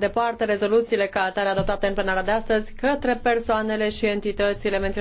departe rezoluțiile ca atare adoptate în plenara de astăzi către persoanele și entitățile menționate.